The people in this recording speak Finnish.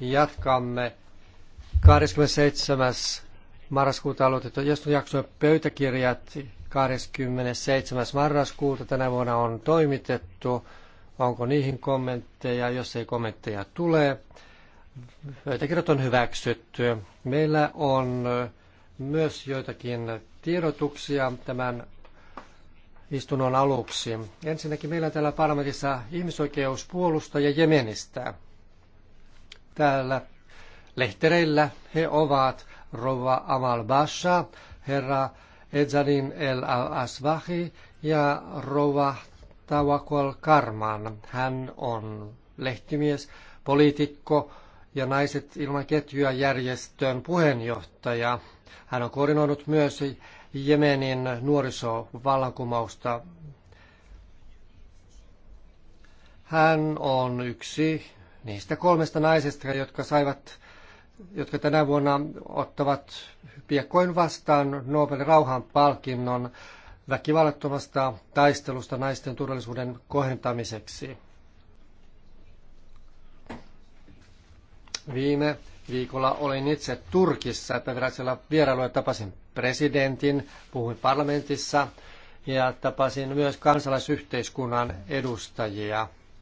jatkamme 27. marraskuuta aloitettu jaksoja pöytäkirjat 27. marraskuuta tänä vuonna on toimitettu. Onko niihin kommentteja? Jos ei kommentteja tule, pöytäkirjat on hyväksytty. Meillä on myös joitakin tiedotuksia tämän istunnon aluksi. Ensinnäkin meillä täällä parlamentissa ihmisoikeuspuolustaja Jemenistä täällä lehtereillä. He ovat Rova Amal Basha, herra Ezzanin El Asvahi ja Rova Tawakol Karman. Hän on lehtimies, poliitikko ja Naiset ilman ketjua järjestön puheenjohtaja. Hän on koordinoinut myös Jemenin nuorisovallankumousta. Hän on yksi niistä kolmesta naisesta, jotka saivat jotka tänä vuonna ottavat piekkoin vastaan Nobelin palkinnon väkivallattomasta taistelusta naisten turvallisuuden kohentamiseksi. Viime viikolla olin itse Turkissa virallisella vierailulla tapasin presidentin, puhuin parlamentissa ja tapasin myös kansalaisyhteiskunnan edustajia –